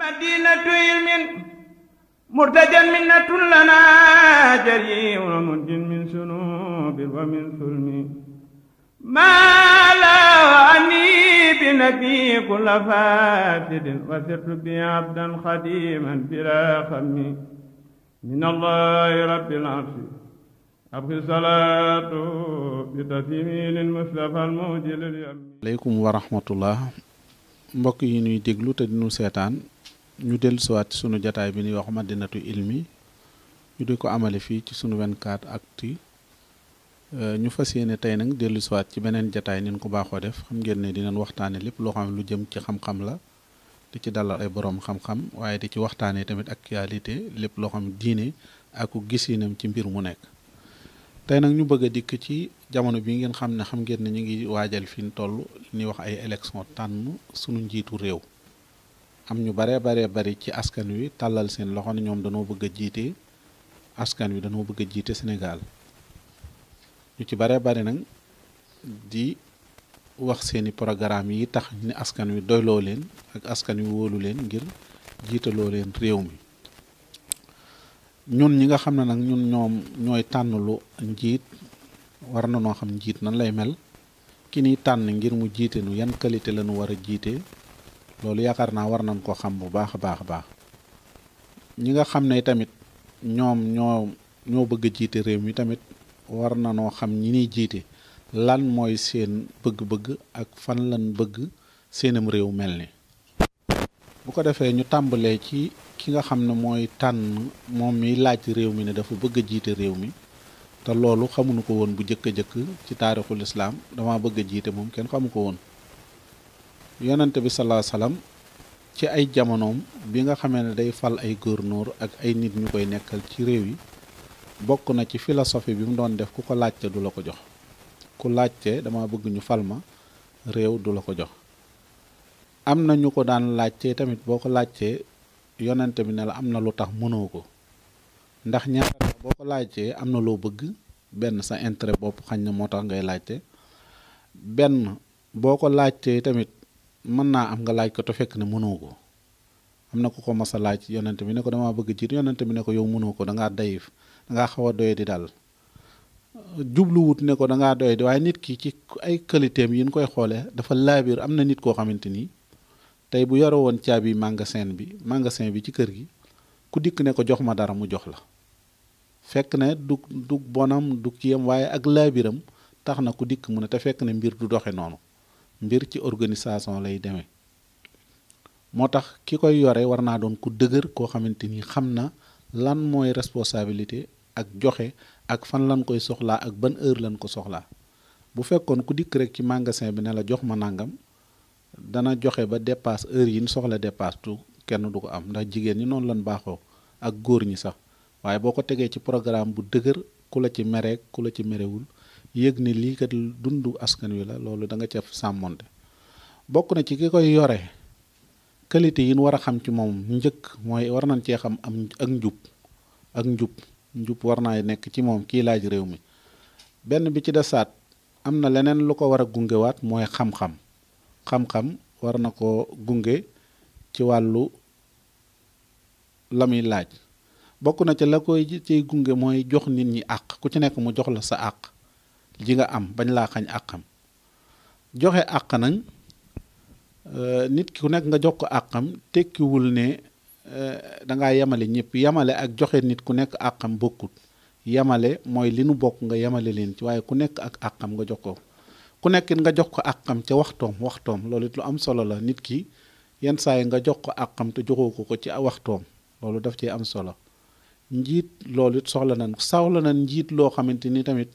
madinatu ilmin murtajan minnatun lana jariun mundin min sunubin wa min sulmi ما لا أني بنبي كل فاسد وسرت بي عبدا خديما بلا خمي من الله رب العرش أبقي صلاة بتسليمي للمصطفى الموجل اليمين. aleykum wa rahmatullah mbokk yi ñuy déglu te di ñu seetaan ñu dellusiwaat suñu jataay bi ñuy wax madinatu ilmi ñu di ko amale fii ci sunu 24 actu euh, ñu fas yéene tey nag dellusiwaat ci beneen jataay nin ko baaxoo def xam ngeen ne dinañ waxtaane lépp loo xam lu jëm ci xam-xam la di ci dalal ay boroom xam-xam waaye di ci waxtaanee tamit actualité lépp loo xam diine ak gisinam ci mbir mu nekk tey nag ñu bëgg a dikk ci jamono bi ngeen xam ne xam ngeen ne ñu ngi waajal fi ñu toll ni wax ay élection tànn sunu njiitu réew am ñu baree baree bari ci askan wi tàllal seen loxo ne ñoom danoo bëgg a jiite askan wi danoo bëgg a jiite senegaal ñu ci baree bari nag di wax seeni programme yi tax ni askan wi doyloo leen ak askan wi wóolu leen ngir jiitaloo leen réew mi ñun ñi nga xam ne nag ñun ñooy tànn lu njiit war na noo xam njiit nan lay mel ki niy tànn ngir mu jiite nu yan qualité lañu war a jiite loolu yaakaar naa war nañ ko xam bu baax a baax a baax ñi nga xam ne tamit ñoom ñoo ñoo bëgg jiite réew mi tamit war na noo xam ñi ñuy jiite lan mooy seen bëgg-bëgg ak fan lan bëgg seenam réew mel ni bu ko defee ñu tàmbalee ci ki nga xam ne mooy tànn moom miy laaj réew mi ne dafa bëgg a jiite réew mi te loolu xamuñu ko woon bu jëkk a jëkk ci taarixul islaam dama bëgg jiite moom kenn xamu ko woon yonent bi salaa salaam ci ay jamonoom bi nga xamee ne day fal ay gouverneur ak ay nit ñu koy nekkal ci réew yi bokk na ci philosophie bi mu doon def ku ko laajte du la ko jox ku laajte dama bëgg ñu fal ma réew du la ko jox am na ñu ko daan laajte tamit boo ko laajtee yonent bi ne am na lu tax mënoo ko ndax ñaar boo ko laajtee am na loo bëgg benn sa intérêt bopp xañ na moo tax ngay laajte benn boo ko laajtee tamit mën naa am nga laaj ko te fekk ne mënoo ko am na ko ko mas a laaj yonent bi ne ko dama bëgg jiit yonent bi ne ko yow mënoo ko dangaa dayif dangaa xaw a doye di daal jubluwut ne ko dangaa doye di waaye nit ki ci ay qualitéem yi koy xoolee dafa laabir am na nit koo xamante ni tey bu yore woon caabi magasin bi magasin bi ci kër gi ku dikk ne ko jox ma dara mu jox la fekk ne du du bonam du kiyam waaye ak laabiram tax na ku dikk mu ne te fekk ne mbir du doxe noonu mbir ci organisation lay demee moo tax ki koy yore war naa doon ku dëgër koo xamante ni xam na lan mooy responsabilité ak joxe ak fan lan koy soxlaa ak ban heure lan ko soxla bu fekkoon ku dikk rek ci màngasin bi ne la jox ma nangam dana joxe ba dépasse heure yi ñu soxla dépasse kenn du ko am ndax jigéen ñi noonu lan baaxoo ak góor ñi sax waaye boo ko tegee ci programme bu dëgër ku la ci mereek ku la ci merewul yëg ne lii kat dundu askan wi la loolu danga nga ca sàmmonte bokk na ci ki koy yore qualité yin ñu war a xam ci moom njëkk mooy war na cee xam am ak njub ak njub njub war naa nekk ci moom kii laaj réew mi benn bi ci desaat am na leneen lu ko war a gungewaat mooy xam-xam xam-xam war na ko gunge ci wàllu la muy laaj bokk na ci la koy ciy gunge mooy jox nit ñi àq ku ci nekk mu jox la sa àq ji nga am bañ laa xañ àqam joxe àq nañ euh, nit ku nekk nga jox ko àqam tekkiwul ne euh, dangaa yemale ñëpp yemale ak joxe nit ku nekk àqam bokkut yemale mooy li nu bokk nga yemale leen ci waaye ku nekk ak àqam nga jox ko ku nekk nga jox ko àqam ca waxtoom waxtoom loolu it lu am solo la nit ki yenn saa yi nga jox ko àqam te ko ko ci waxtoom loolu daf cee am solo njiit loolu soxla nañ soxla nañ njiit loo xamante ni tamit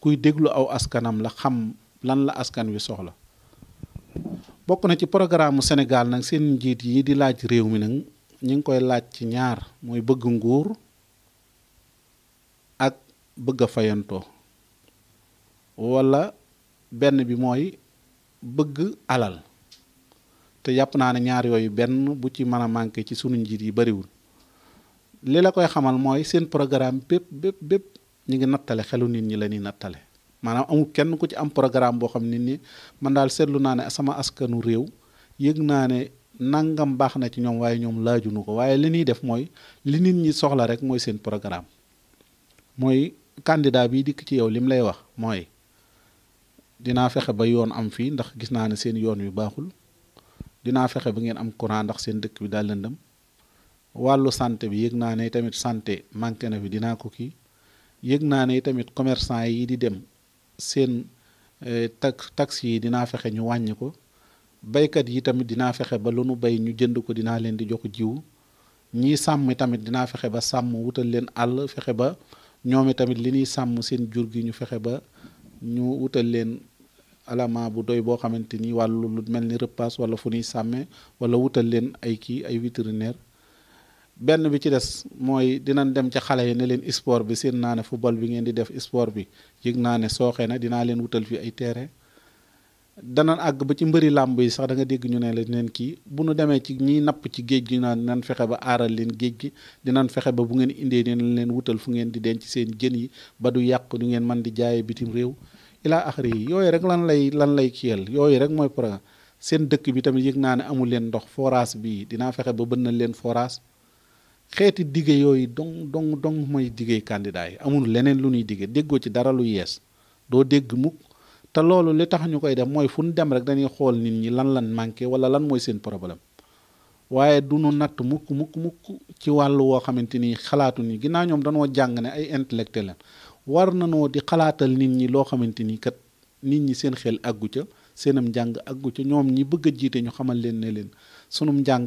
kuy déglu aw askanam la xam lan la askan wi soxla bokk na ci programme mu Sénégal nag seen njiit yi di laaj réew mi nag ñu ngi koy laaj ci ñaar mooy bëgg nguur ak bëgg a fayantoo walla benn bi mooy bëgg alal te yàpp naa ne ñaar yooyu benn bu ci mën a manqué ci sunu njiit yi bariwul li la koy xamal mooy seen programme bépp bépp bépp ñi ngi nattale xelu nit ñi la ñuy nattale maanaam amul kenn ku ci am programme boo xam nit ñi man daal seetlu naa ne sama askanu réew yëg naa ne nangam baax na ci ñoom waaye ñoom laajunu ko waaye li ñuy def li nit ñi soxla rek mooy seen programme mooy kàndidaa bi dikk ci yow li mu lay wax mooy dinaa fexe ba yoon am fii ndax gis naa ne seen yoon yu baaxul dinaa fexe ba ngeen am courant ndax seen dëkk bi daal lëndëm wàllu santé bi yëg naa ne tamit santé manqué na dinaa ko yëg naa ne tamit commerçant yi di dem seen eh, tax taksi yi dinaa fexe ñu wàññi ko baykat yi tamit dinaa fexe ba lu nu bay ñu jënd ko dinaa leen di jox jiw ñii sàmm tamit dinaa fexe ba sàmm wutal leen àll fexe ba ñoom tamit li ñuy sàmm seen jur gi ñu fexe ba ñu wutal leen alama bu doy boo xamante ni wàllu lu mel ni repas wala fu nuy sàmmee wala wutal leen ay kii ay vétérinaire benn bi ci des mooy dinañ dem ca xale yi ne leen sport bi seen naa ne football bi ngeen di def sport bi yëg naa ne sooxee na dinaa leen wutal fii ay terrain dana àgg ba ci mbëri làmb yi sax da dégg ñu ne la leen kii bu nu demee ci ñiy napp ci gi naan dinañ fexe ba aaral leen géej gi dinañ fexe ba bu ngeen indee dinañ leen wutal fu ngeen di denc seen jën yi ba du yàq du ngeen man di jaaye bitim réew ilaa axari yi yooyu rek lan lay lan lay kiyal yooyu rek mooy programme seen dëkk bi tamit yëg naa ne amul leen ndox forage bi dinaa fexe ba bënnal leen forage xeeti dige yooyu dong dong dong mooy dige candidat yi amul leneen lu ñuy dige déggoo ci dara lu yees doo dégg mukk te loolu li tax ñu koy def mooy fu ñu dem rek dañuy xool nit ñi lan lan manqué wala lan mooy seen problème waaye du ñu natt mukk mukk mukk ci wàll woo xamante ni xalaatu ni ginnaaw ñoom dañoo jàng ne ay intellectuel lan war nanoo di xalaatal nit ñi loo xamante ni kat nit ñi seen xel àggu ca seenam njàng àggu ca ñoom ñi bëgg a jiite ñu xamal leen ne leen sunum njàng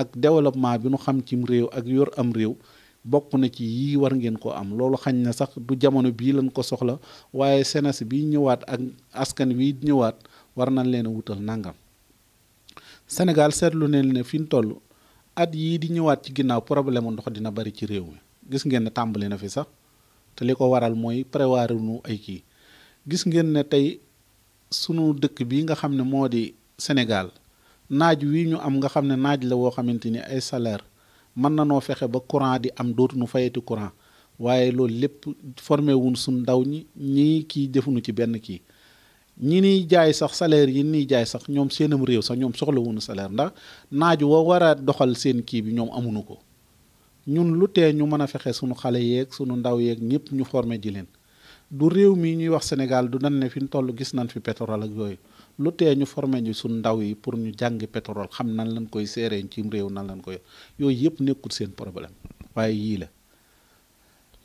ak développement bi nu xam cim réew ak yor am réew bokk na ci yii war ngeen ko am loolu xañ na sax du jamono bii lañ ko soxla waaye senes bi ñëwaat ak askan wi ñëwaat war nañ leen wutal nangam Sénégal seetlu neen ne fi ñu toll at yii di ñëwaat ci ginnaaw problème ndox dina bari ci réew mi gis ngeen ne tàmbali na fi sax te li ko waral mooy prévoir nu ay kii gis ngeen ne tey sunu dëkk bi nga xam ne moo di Sénégal naaj wi ñu am nga xam ne naaj la woo xamante ni ay salaire mën na noo fexe ba courant di am dootu nu fayati courant waaye loolu lépp formé wuñ suñ ndaw ñi ñii kii defuñu ci benn kii ñi niy jaay sax salaire yi niy jaay sax ñoom seenam réew sax ñoom soxla wuñu salaire ndax naaj wa war doxal seen kii bi ñoom amuñu ko ñun lu tee ñu mën a fexe suñu xale yeeg sunu ndaw yeeg ñëpp ñu formé ji leen du réew mii ñuy wax Sénégal du dan ne fi ñu toll gis nañ fi pétrole yooyu lu tee ñu formé ñu suñ ndaw yi pour ñu jàngi pétrole xam nan lañ koy seeree ci réew nan lañ koy yooyu yëpp nekkul seen problème waaye yii la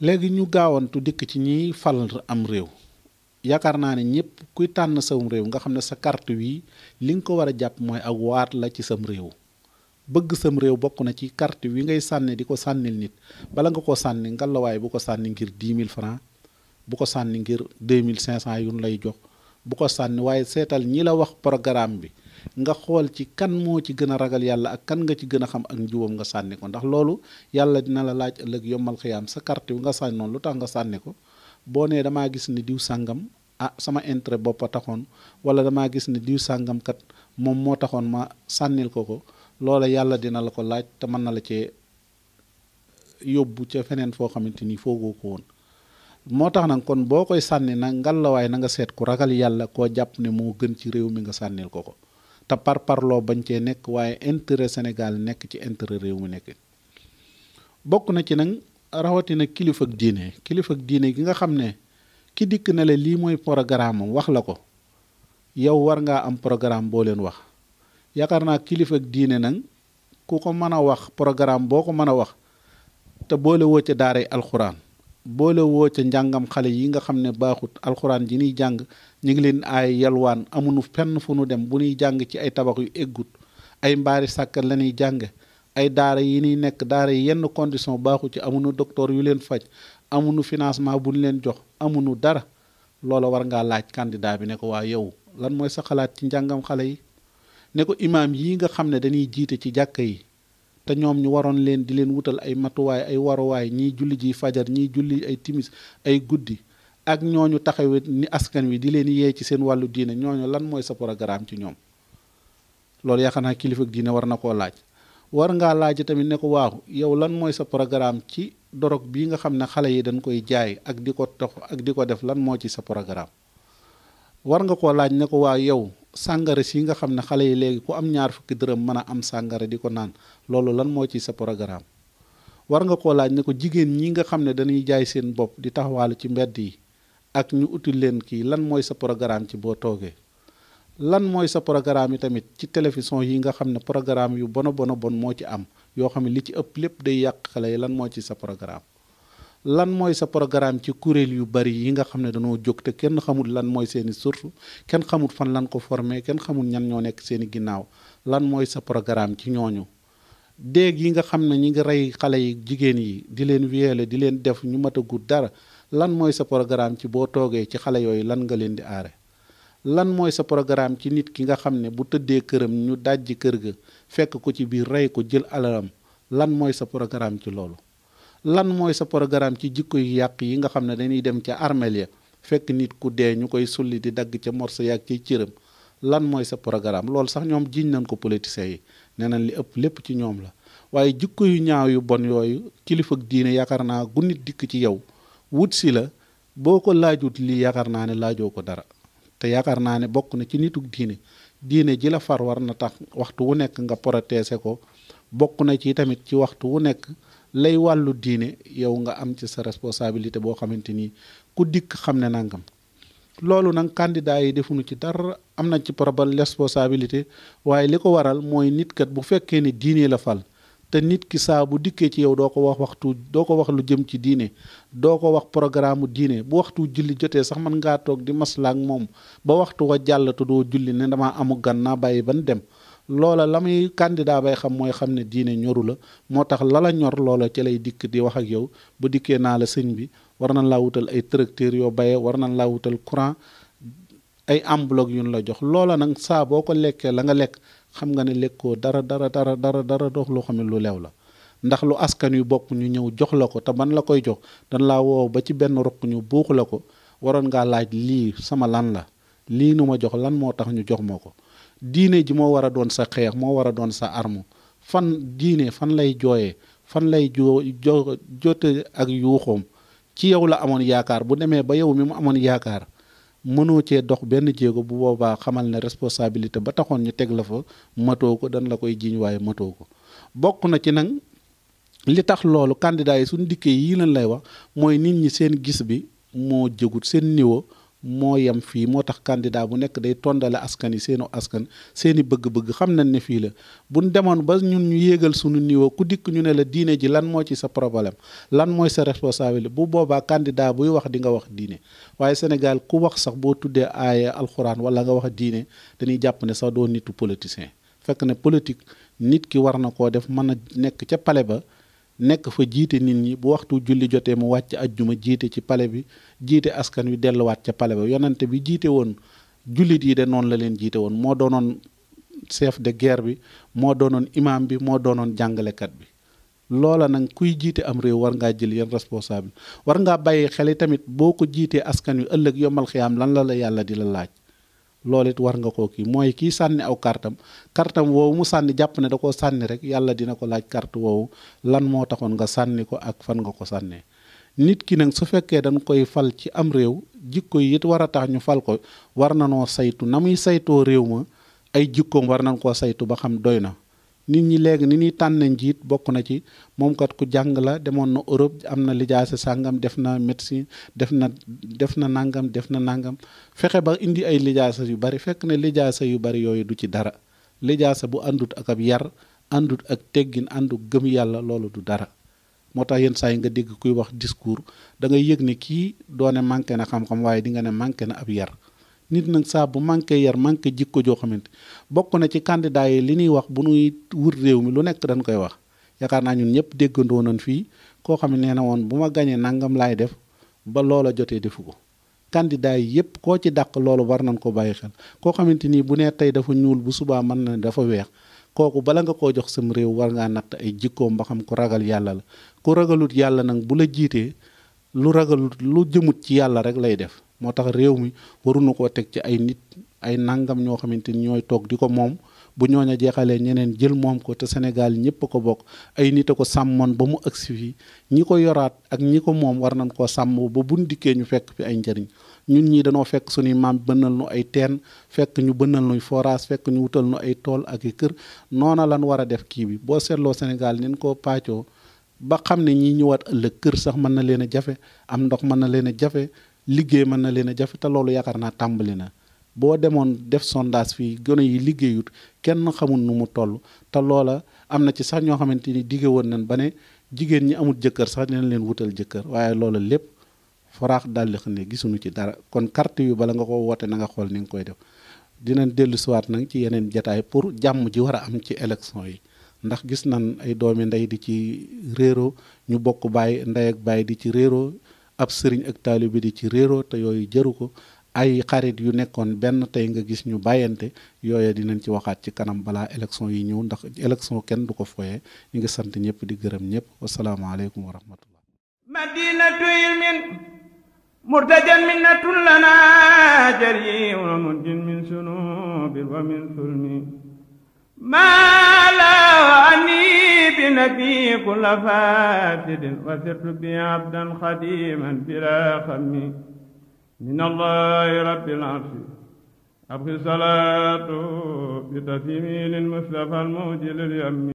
léegi ñu gaawantu dikk ci ñiy fal am réew yaakaar naa ne ñëpp kuy tànn sam réew nga xam ne sa carte wi li nga ko war a jàpp mooy ak waat la ci sam réew bëgg sam réew bokk na ci carte wi ngay sànni di ko sànnil nit bala nga ko sànni ngalawaay bu ko sànni ngir 10 mille francs bu ko sànni ngir 2500 yu ñu lay jox bu ko sànni waaye seetal ñi la wax programme bi nga xool ci kan moo ci gën a ragal yàlla ak kan nga ci gën a xam ak njuwam nga sànni ko ndax loolu yàlla dina la laaj ëllëg yombal xiyaam sa carte yu nga sànni lu tax nga sànni ko boo nee damaa gis ne diw sàngam ah sama intérêt bopp a taxoon wala damaa gis ne diw sàngam kat moom moo taxoon ma sànnil ko ko loola yàlla dina la ko laaj te mën na la cee yóbbu ca feneen foo xamante ni foogoo ko woon moo tax nag kon boo koy sànni nag ngallaawaay na nga seet ku ragal yàlla koo jàpp ne moo gën ci réew mi nga sànnil ko ko te par parloo bañ cee nekk waaye intérêt Sénégal nekk ci intérêt réew mi nekkee bokk na ci nag rawatina kilifa diine kilifa diine gi nga xam ne ki dikk na la lii mooy programme wax la ko yow war ngaa am programme boo leen wax yaakaar naa kilifa diine nag ku ko mën a wax programme boo ko mën a wax te boole woo ca daaray alxuraan. boole woo ca njàngam xale yi nga xam ne baaxut alxuraan ji ñuy jàng ñu ngi leen ay yalwaan amuñu fenn fu nu dem bu ñuy jàng ci ay tabax yu eggut ay mbaari sàkkat la ñuy jàng ay daara yi nuy nekk daara yi yenn condition baaxu ci amuñu docteur yu leen faj amuñu financement bu ñu leen jox amuñu dara loola war ngaa laaj candidat bi ne ko waa yow lan mooy sa xalaat ci njàngam xale yi ne ko imaam yi nga xam ne dañuy jiite ci jàkka yi te ñoom ñu waroon leen di leen wutal ay matuwaay ay waruwaay ñiy julli ji fajar ñiy julli ay timis ay guddi ak ñooñu taxawee ni askan wi di leen yee ci seen wàllu diine ñooñu lan mooy sa programme ci ñoom loolu yaakaar naa kilifa diine war na koo laaj war ngaa laaj tamit ne ko waaw yow lan mooy sa programme ci dorog bii nga xam ne xale yi dañ koy jaay ak di ko tox ak di ko def lan moo ci sa programme war nga ko laaj ne ko waaw yow sàngara si nga xam ne xale yi léegi ku am ñaar fukki dërëm mën a am sàngara di ko naan loolu lan moo ci sa programme war nga koo laaj ne ko jigéen ñi nga xam ne dañuy jaay seen bopp di taxawaalu ci mbedd yi ak ñu util leen kii lan mooy sa programme ci boo toogee lan mooy sa programme yi tamit ci télévision yi nga xam ne programme yu bona bona bon moo ci am yoo xam ne li ci ëpp lépp day yàq xale yi lan moo ci sa programme lan mooy sa programme ci kuréel yu bari yi nga xam ne dañoo jóg te kenn xamul lan mooy seeni source kenn xamul fan lan ko formé kenn xamul ñan ñoo nekk seeni ginnaaw lan mooy sa programme ci ñooñu déeg yi nga xam ne ñi ngi rey xale yi jigéen yi di leen wiyele di leen def ñu mat a gudd dara lan mooy sa programme ci boo toogee ci xale yooyu lan nga leen di aare lan mooy sa programme ci nit ki nga xam ne bu tëddee këram ñu dajji kër ga fekk ko ci biir rey ko jël alalam lan mooy sa programme ci loolu lan mooy sa programme ci jikko yu yàq yi nga xam ne dañuy dem ca armeel ya fekk nit ku dee ñu koy sulli di dagg ca morso yaag ciy cëram lan mooy sa programme loolu sax ñoom jiñ nañ ko politiciens yi nee nañ li ëpp lépp ci ñoom la waaye jikko yu ñaaw yu bon yooyu kilifa diine yaakaar naa gu nit dikk ci yow wut si la boo ko laajut li yaakaar naa ne laajoo ko dara te yaakaar naa ne bokk na ci nituk diine diine ji la far war na tax waxtu wu nekk nga protéger ko bokk na ci tamit ci waxtu wu nekk lay wàllu diine yow nga am ci sa responsabilité boo xamante ni ku dikk xam ne nangam loolu nag candidat yi defuñu ci dara am na ci probal responsabilité waaye li ko waral mooy nit kat bu fekkee ni diine la fal te nit ki saa bu dikkee ci yow doo ko wax waxtu doo ko wax lu jëm ci diine doo ko wax programme diinee bu waxtu julli jotee sax man ngaa toog di maslaa moom ba waxtu wa jàll te doo julli ne damaa amu gan naa bàyyi ban dem loola la muy candidat bay xam mooy xam ne diine ñoru la moo tax lala ñor loola ci lay dikk di wax ak yow bu dikkee naa la sëñ bi war nañ laa wutal ay tracteur yoo bayee war nañ laa wutal courant ay enveloppe yu ñu la jox loola nag saa boo ko lekkee la nga lekk xam nga ne lekkoo dara dara dara dara dara dox loo xam ne lu leew la ndax lu askan yu bokk ñu ñëw jox la ko te ban la koy jox dañ laa woow ba ci benn roq ñu buuxu la ko waroon ngaa laaj lii sama lan la lii nu ma jox lan moo tax ñu jox ma ko diine ji moo war a doon sa xeex moo war a doon sa arme fan diine fan lay jooye fan lay joo jo jote ak yuuxoom ci yow la amoon yaakaar bu demee ba yow mi mu amoon yaakaar mënoo cee dox benn jéego bu boobaa xamal na responsabilité ba taxoon ñu teg la fa matoo ko dañ la koy jiiñ waaye matoo ko bokk na ci nag li tax loolu candidat yi suñu dikkee yii lañ lay wax mooy nit ñi seen gis bi moo jëgut seen niwo moo yem fii moo tax candidat bu nekk day tondale askan yi seenu askan seeni bëgg-bëgg xam nañ ne fii la bu buñ demoon ba ñun ñu yéegal suñu niveau ku dikk ñu ne la diine ji lan moo ci sa problème lan mooy sa responsabilité bu boobaa kandidaa buy wax di nga wax diine waaye Sénégal ku wax sax boo tuddee aaya alxuraan wala nga wax diine dañuy jàpp ne sax doo nitu politicien fekk ne politique nit ki war na koo def mën a nekk ca pale ba nekk fa jiite nit ñi bu waxtu julli jotee mu wàcc ajjuma jiite ci pale bi jiite askan wi delluwaat ca pale ba yonante bi jiite woon jullit yi de noonu la leen jiite woon moo doonoon chef de guerre bi moo doonoon imam bi moo doonoon jàngalekat bi loola nag kuy jiite am réew war ngaa jël yenn responsable war ngaa bàyyi xel tamit boo ko jiitee askan wi ëllëg yombal xiyaam lan la la yàlla di la laaj loolu it war nga koo kii mooy kii sànni aw kartam kartam woowu mu sànni jàpp na da koo sànni rek yàlla dina ko laaj kart woowu lan moo taxoon nga sànni ko ak fan nga ko sànnee nit ki nag su fekkee dañ koy fal ci am réew jikko yi it war a tax ñu fal ko war na noo saytu na saytoo réew ma ay jikkoom war nañ koo saytu ba xam doy na nit ñi léegi nit ñi tànn njiit bokk na ci moom kat ku jàng la demoon na Europe am na lijaasa sàngam def na médecine def na def na nangam def na nangam fexe ba indi ay lijaasa yu bari fekk ne lijaasa yu bari yooyu du ci dara lijaasa bu àndut ak ab yar àndut ak teggin àndu gëm yàlla loolu du dara moo tax yenn saa yi nga dégg kuy wax discours da ngay yëg ni kii doone manqué na xam-xam waaye di nga ne manqué na ab yar nit nag saa bu manqué yar manqué jikko joo xamante bokk na ci candidat yi li ñuy wax bu nuy wut réew mi lu nekk dañ koy wax yaakaar naa ñun ñëpp déggandoo nañ fii koo xam ne nee na woon bu ma gañee nangam laay def ba loola jotee defu ko candidat yi yëpp koo ci dàq loolu war nañ ko bàyyi xel koo xamante ni bu nee tey dafa ñuul bu subaa mën na dafa weex kooku bala nga koo jox sam réew war ngaa natt ay jikkoom ba xam ku ragal yàlla la ku ragalut yàlla nag bu la jiitee lu ragalut lu jëmut ci yàlla rek lay def moo tax réew mi waruna koo teg ci ay nit ay nangam ñoo xamante ni ñooy toog di ko moom bu ñooñ a jeexalee ñeneen jël moom ko te Sénégal ñëpp ko bokk ay nit a ko sàmmoon ba mu agsi fii ñi ko yoraat ak ñi ko moom war nañ koo sàmm ba bun dikkee ñu fekk fi ay njëriñ ñun ñii dañoo fekk suñuy maam bënnal nu ay teen fekk ñu bënnal nu forage fekk ñu wutal nu ay tool ak i kër noona lan war a def kii bi boo seetloo Sénégal nin koo paajoo ba xam ne ñii ñëwaat ëllëg kër sax mën na leen a jafe am ndox mën na leen a jafe liggéey mën na leen a jafe te loolu yaakaar naa tàmbali na boo demoon def sondage fii gone yi liggéeyut kenn xamul nu mu toll te loola am na ci sax ñoo xamante ni digge woon nañ ba ne jigéen ñi amul jëkkër sax dinañ leen wutal jëkkër waaye loola lépp faraax daldi xam ne gisuñu ci dara kon carte yu bala nga ko woote na nga xool ni nga koy def dinañ dellu siwaat nag ci yeneen jataay pour jàmm ji war a am ci élection yi ndax gis nañ ay doomi ndey di ci réero ñu bokk baay ndey ak baay ci réero ab sëriñ ak taalibe di ci réeroo te yooyu jaru ko ay xarit yu nekkoon benn tey nga gis ñu bàyyante di dinañ ci waxaat ci kanam balaa élection yi ñëw ndax élection kenn du ko fooyee ñu ngi sant ñëpp di gërëm ñëpp wasalaamaaleykum wa rahmatullah madinatu ilmin murtajan minnatun lana jari wa mundin min sunubin wa min sulmi ma la ani bi nabi kula fatidin wa sirtu bi abdan xadiman bila xami min allahi rabbil arsi abqi salaatu bi taslimi lil mustafa al mujil al yammi